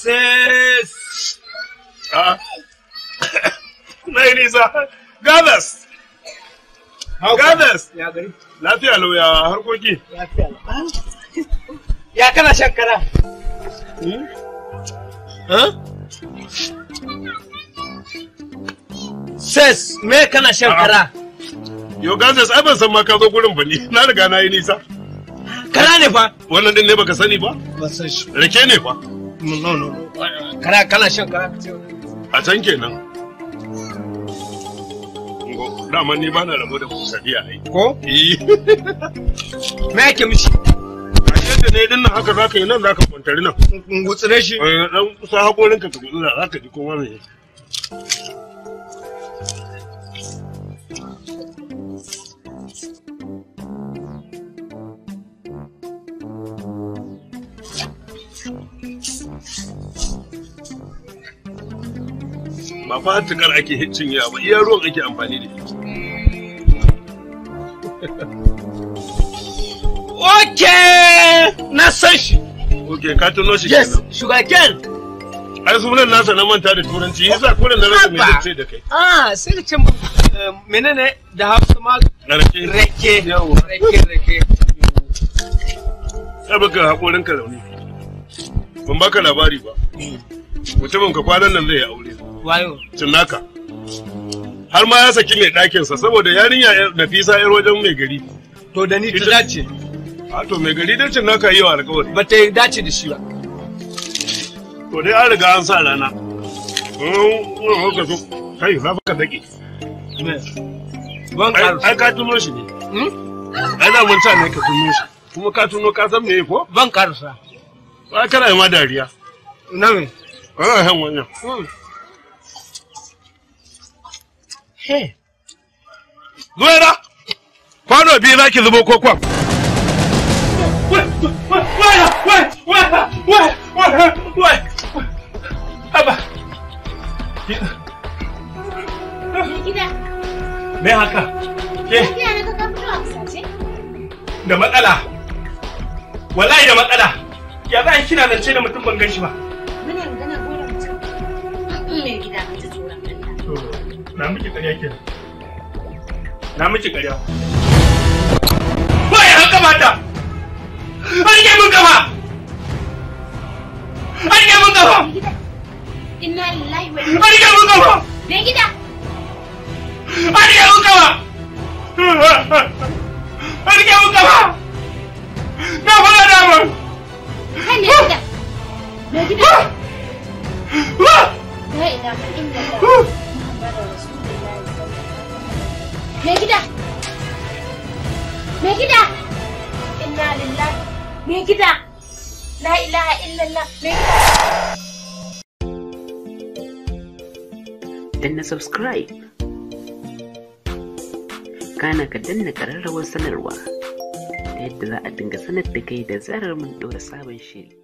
says, uh, ladies, uh, gathers. Gathers. Lafiya lau ya harkoki. Ah. Ya kana shankara. Hmm? Ses, me kana shankara? Ah. Yo gathers, ai ban san ma ka zo gurin ba ne. Na riga na yi nisa. Kana ne fa? Wannan din ne baka sani ba? Ban san shi. Rake ne fa? no no kana kana shan kana kace a can kenan dama ni ba na rabu da kusadiya ai ko me ake mishi a yadda ne din nan haka zaka yi nan zaka kwantari nan gutsire shi eh, dan kusa hakorinka ka gutsira zaka ji kowa ne Thank you. ba fa tukar ake cinyewa ba iya ruwan ake amfani da shi Ok, na san shi. Ok, ka tuno shi Yes, sugarcane. Ai sunan nasa na manta da turanci, yasa kullum na rasa me zai da kai. Ah, sai ka ce eh, menene da Hausa ma rake. Rake. Rake, rake. Sai baka hakorin ka zaune. Ban baka labari ba. Mm. Mutumin ka kwanan nan zai yi aure. Wayo. Cinnaka. Har ma ya saki mai ɗakinsa saboda yarinya Nafisa yar wajen mai gari. To da ni ta dace. A to mai gari dacin naka yi wa alkawari. Ba ta yi dace da shi ba. To dai an riga an sa rana. Mun so. Kai na baka dake. Ban ƙaru. Ai ka tuno shi ne. Hmm? Ai na mun sa ne ka tuno shi. Kuma ka tuno ka san me ko? Ban ƙaru sa. Ba kana ma dariya. Na me? Ana yan wannan. ke eh. zuwaira kwano biyu za ki zubo kokon Me haka? Ke? Da matsala. Wallahi da matsala. Ya za a kina zance da mutum ban gan shi ba. na miki ƙarya ke na miki ƙarya ba ya haka mata an yi mun gaba an yi min gaba inna lillahi wa inna an yi min gaba me gida an yi min gaba an yi min gaba na fara damar kai ne gida me gida la ilaha illallah Me gida! Me gida! Inna lillahi! Me gida! La ilaha illallah! Me gida! Danna subscribe. Kana ka danna ƙararrawar sanarwa ta yadda za a dinga sanar da kai da zarar mun ɗora sabon shiri.